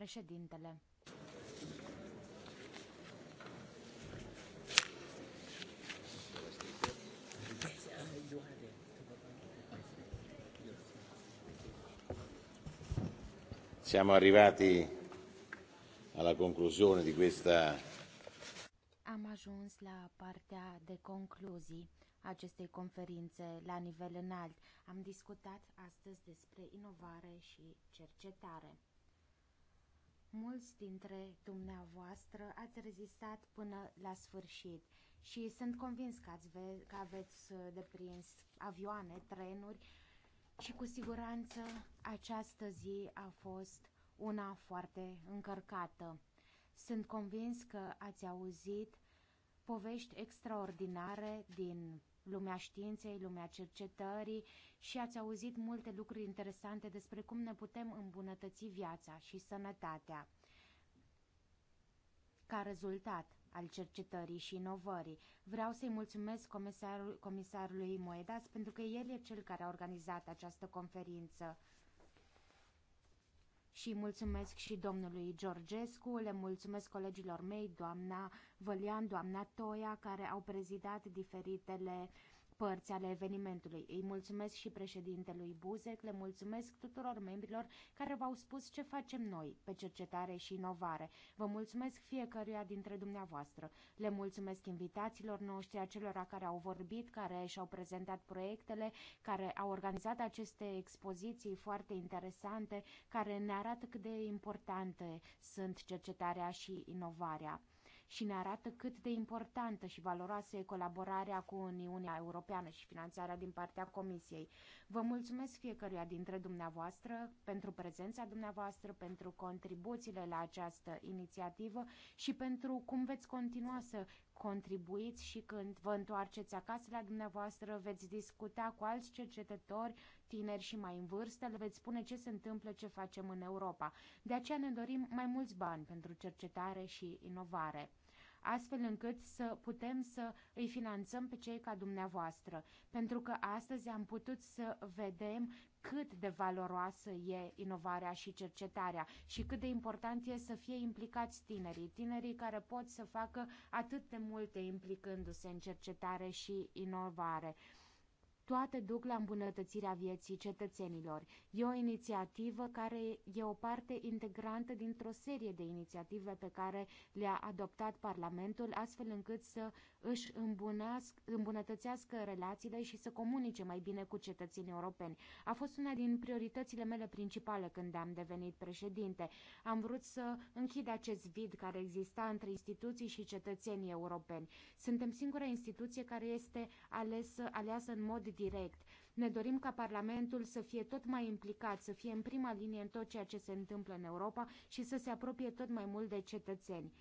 președintele. Siamo arrivati alla conclusione di questa am ajuns la partea de concluzii acestei conferințe la nivel înalt. Am discutat astăzi despre inovare și cercetare. Mulți dintre dumneavoastră ați rezistat până la sfârșit și sunt convins că, ați ve- că aveți uh, deprins avioane, trenuri și cu siguranță această zi a fost una foarte încărcată. Sunt convins că ați auzit povești extraordinare din lumea științei, lumea cercetării și ați auzit multe lucruri interesante despre cum ne putem îmbunătăți viața și sănătatea ca rezultat al cercetării și inovării. Vreau să-i mulțumesc comisarul, comisarului Moedas pentru că el e cel care a organizat această conferință și mulțumesc și domnului Georgescu, le mulțumesc colegilor mei, doamna Vălian, doamna Toia, care au prezidat diferitele părți ale evenimentului. Îi mulțumesc și președintelui Buzek, le mulțumesc tuturor membrilor care v-au spus ce facem noi pe cercetare și inovare. Vă mulțumesc fiecăruia dintre dumneavoastră. Le mulțumesc invitațiilor noștri, acelora care au vorbit, care și-au prezentat proiectele, care au organizat aceste expoziții foarte interesante, care ne arată cât de importante sunt cercetarea și inovarea și ne arată cât de importantă și valoroasă e colaborarea cu Uniunea Europeană și finanțarea din partea Comisiei. Vă mulțumesc fiecăruia dintre dumneavoastră pentru prezența dumneavoastră, pentru contribuțiile la această inițiativă și pentru cum veți continua să contribuiți și când vă întoarceți acasă la dumneavoastră, veți discuta cu alți cercetători tineri și mai în vârstă le veți spune ce se întâmplă, ce facem în Europa. De aceea ne dorim mai mulți bani pentru cercetare și inovare astfel încât să putem să îi finanțăm pe cei ca dumneavoastră. Pentru că astăzi am putut să vedem cât de valoroasă e inovarea și cercetarea și cât de important e să fie implicați tinerii, tinerii care pot să facă atât de multe implicându-se în cercetare și inovare. Toate duc la îmbunătățirea vieții cetățenilor. E o inițiativă care e o parte integrantă dintr-o serie de inițiative pe care le-a adoptat Parlamentul, astfel încât să își îmbunătățească relațiile și să comunice mai bine cu cetățenii europeni. A fost una din prioritățile mele principale când am devenit președinte. Am vrut să închid acest vid care exista între instituții și cetățenii europeni. Suntem singura instituție care este alesă, aleasă în mod direct. Ne dorim ca Parlamentul să fie tot mai implicat, să fie în prima linie în tot ceea ce se întâmplă în Europa și să se apropie tot mai mult de cetățeni.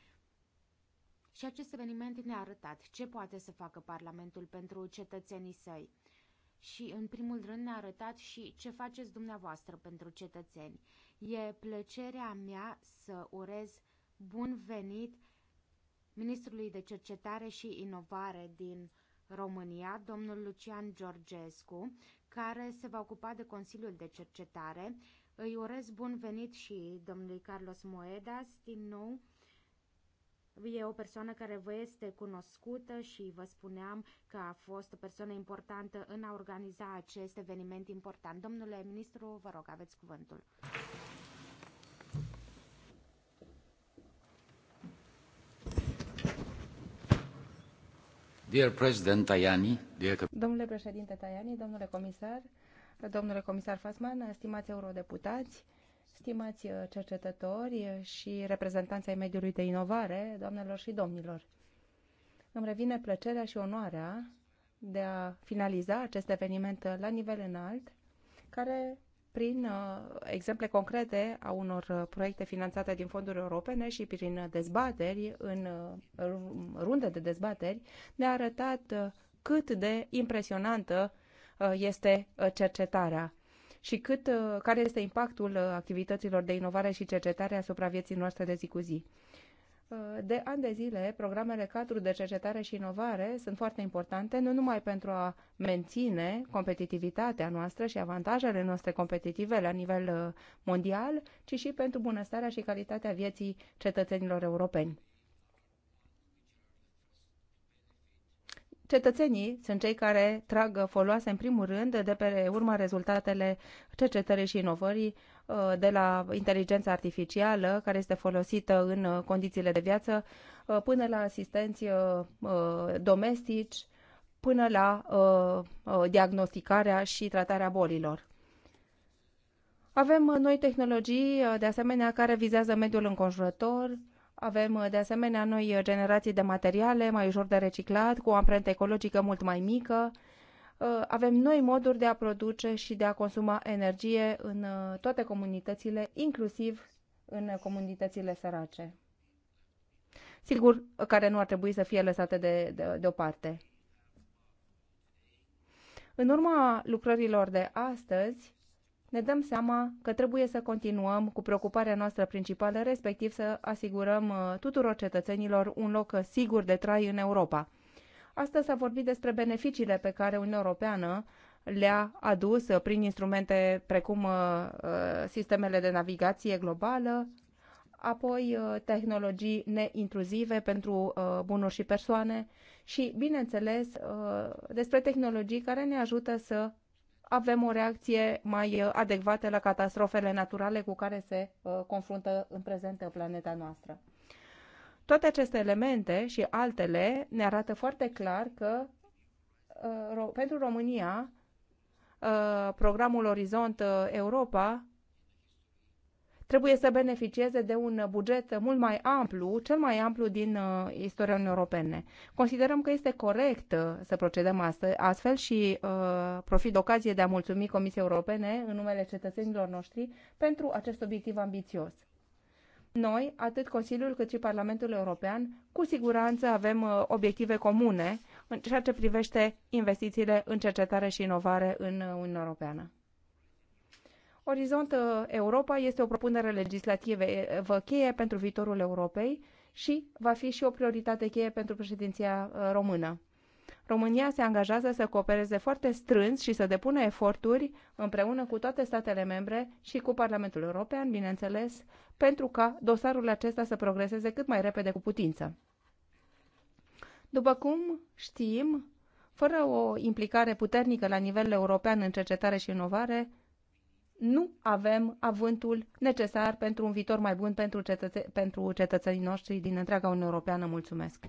Și acest eveniment ne-a arătat ce poate să facă Parlamentul pentru cetățenii săi. Și, în primul rând, ne-a arătat și ce faceți dumneavoastră pentru cetățeni. E plăcerea mea să urez bun venit Ministrului de Cercetare și Inovare din România, domnul Lucian Georgescu, care se va ocupa de Consiliul de Cercetare. Îi urez bun venit și domnului Carlos Moedas, din nou, E o persoană care vă este cunoscută și vă spuneam că a fost o persoană importantă în a organiza acest eveniment important. Domnule ministru, vă rog, aveți cuvântul. Dear President Tajani, dear... Domnule președinte Tajani, domnule comisar, domnule comisar Fasman, stimați eurodeputați, stimați uh, cercetători și reprezentanții mediului de inovare, doamnelor și domnilor. Îmi revine plăcerea și onoarea de a finaliza acest eveniment la nivel înalt, care prin uh, exemple concrete a unor uh, proiecte finanțate din fonduri europene și prin uh, dezbateri, în runde de dezbateri, ne-a arătat cât de impresionantă este cercetarea și cât, care este impactul activităților de inovare și cercetare asupra vieții noastre de zi cu zi. Uh, de ani de zile, programele cadru de cercetare și inovare sunt foarte importante, nu numai pentru a menține competitivitatea noastră și avantajele noastre competitive la nivel uh, mondial, ci și pentru bunăstarea și calitatea vieții cetățenilor europeni. Cetățenii sunt cei care trag foloase, în primul rând, de pe urma rezultatele cercetării și inovării uh, de la inteligența artificială, care este folosită în uh, condițiile de viață, uh, până la asistenți domestici, până la diagnosticarea și tratarea bolilor. Avem noi tehnologii, de asemenea, care vizează mediul înconjurător, avem, de asemenea, noi generații de materiale mai ușor de reciclat, cu o amprentă ecologică mult mai mică. Uh, avem noi moduri de a produce și de a consuma energie în uh, toate comunitățile, inclusiv în comunitățile sărace. Sigur, care nu ar trebui să fie lăsate de, de, deoparte. În urma lucrărilor de astăzi, ne dăm seama că trebuie să continuăm cu preocuparea noastră principală, respectiv să asigurăm uh, tuturor cetățenilor un loc uh, sigur de trai în Europa. Astăzi s-a vorbit despre beneficiile pe care Uniunea Europeană le-a adus uh, prin instrumente precum sistemele de navigație globală, apoi tehnologii neintruzive pentru bunuri și persoane și, bineînțeles, despre tehnologii care ne ajută să avem o reacție mai uh, adecvată la catastrofele naturale cu care se uh, confruntă în prezent planeta noastră. Toate aceste elemente și altele ne arată foarte clar că uh, pentru România programul Orizont Europa trebuie să beneficieze de un buget mult mai amplu, cel mai amplu din uh, istoria Uniunii Europene. Considerăm că este corect uh, să procedăm astfel și uh, profit de ocazie de a mulțumi Comisiei Europene în numele cetățenilor noștri pentru acest obiectiv ambițios. Noi, atât Consiliul cât și Parlamentul European, cu siguranță avem obiective comune în ceea ce privește investițiile în cercetare și inovare în Uniunea Europeană. Orizont uh, Europa este o propunere legislativă uh, cheie pentru viitorul Europei și va fi și o prioritate cheie pentru președinția uh, română. România se angajează să coopereze foarte strâns și să depună eforturi împreună cu toate statele membre și cu Parlamentul European, bineînțeles, pentru ca dosarul acesta să progreseze cât mai repede cu putință. După cum știm, fără o implicare puternică la nivel european în cercetare și inovare, nu avem avântul necesar pentru un viitor mai bun pentru, cetățe- pentru cetățenii noștri din întreaga Uniune Europeană. Mulțumesc!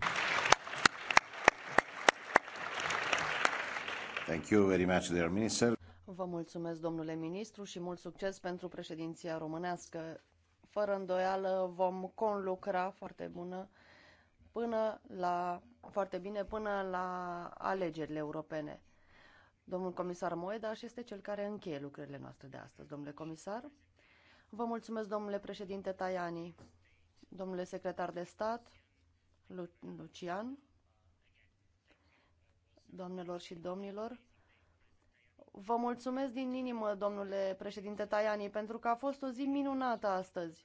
Thank you very much, dear minister. Vă mulțumesc, domnule ministru, și mult succes pentru președinția românească. Fără îndoială vom conlucra foarte bună până la, foarte bine până la alegerile europene. Domnul comisar Moeda și este cel care încheie lucrările noastre de astăzi. Domnule comisar, vă mulțumesc, domnule președinte Tajani, domnule secretar de stat, Lu Lucian, doamnelor și domnilor, Vă mulțumesc din inimă, domnule președinte Tajani, pentru că a fost o zi minunată astăzi.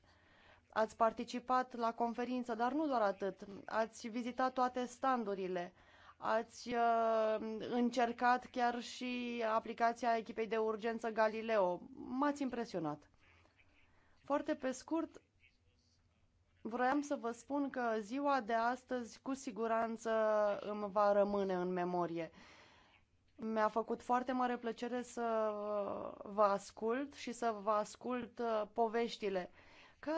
Ați participat la conferință, dar nu doar atât. Ați vizitat toate standurile. Ați uh, încercat chiar și aplicația echipei de urgență Galileo. M-ați impresionat. Foarte pe scurt, Vroiam să vă spun că ziua de astăzi cu siguranță îmi va rămâne în memorie. Mi-a făcut foarte mare plăcere să vă ascult și să vă ascult uh, poveștile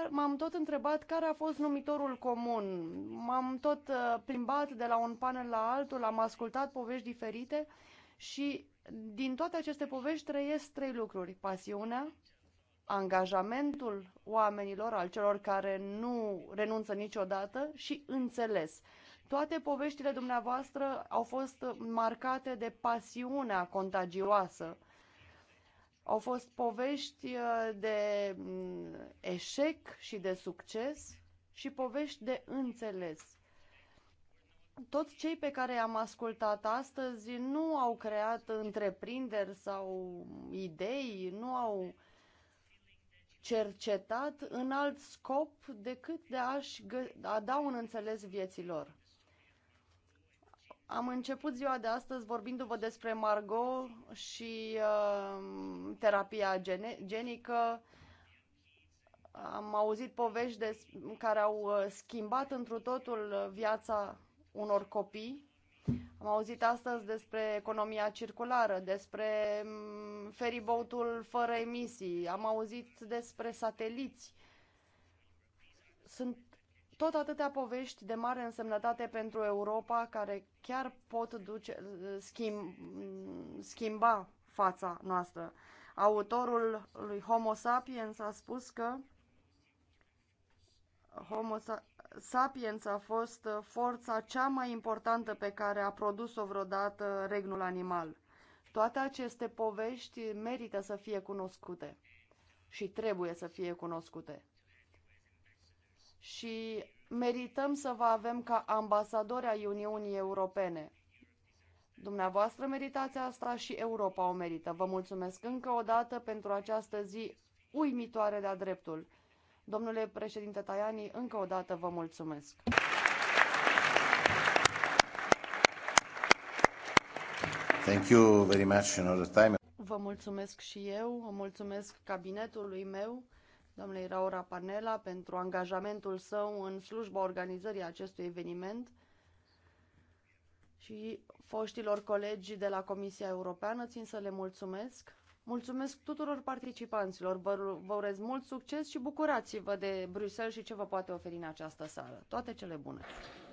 M-am tot întrebat care a fost numitorul comun. M-am tot uh, plimbat de la un panel la altul, am ascultat povești diferite și din toate aceste povești trăiesc trei lucruri. Pasiunea, angajamentul oamenilor, al celor care nu renunță niciodată și înțeles. Toate poveștile dumneavoastră au fost marcate de pasiunea contagioasă au fost povești uh, de mm, eșec și de succes și povești de înțeles. Toți cei pe care am ascultat astăzi nu au creat întreprinderi sau idei, nu au cercetat în alt scop decât de a-și a da un înțeles vieților. Am început ziua de astăzi vorbindu-vă despre Margot și uh, terapia gene- genică. Am auzit povești de, care au uh, schimbat întru totul viața unor copii. Am auzit astăzi despre economia circulară, despre mm, feribotul fără emisii, am auzit despre sateliți. Sunt tot atâtea povești de mare însemnătate pentru Europa care chiar pot duce, schimb, schimba fața noastră. Autorul lui Homo sapiens a spus că Homo sapiens a fost forța cea mai importantă pe care a produs-o vreodată regnul animal. Toate aceste povești merită să fie cunoscute și trebuie să fie cunoscute și merităm să vă avem ca ambasadori ai Uniunii Europene. Dumneavoastră meritați asta și Europa o merită. Vă mulțumesc încă o dată pentru această zi uimitoare de-a dreptul. Domnule președinte Tajani, încă o dată vă mulțumesc. Thank you very much another time. Vă mulțumesc și eu, mulțumesc cabinetului meu domnului Raura Panela pentru angajamentul său în slujba organizării acestui eveniment și foștilor colegi de la Comisia Europeană țin să le mulțumesc. Mulțumesc tuturor participanților, vă urez mult succes și bucurați-vă de Bruxelles și ce vă poate oferi în această sală. Toate cele bune!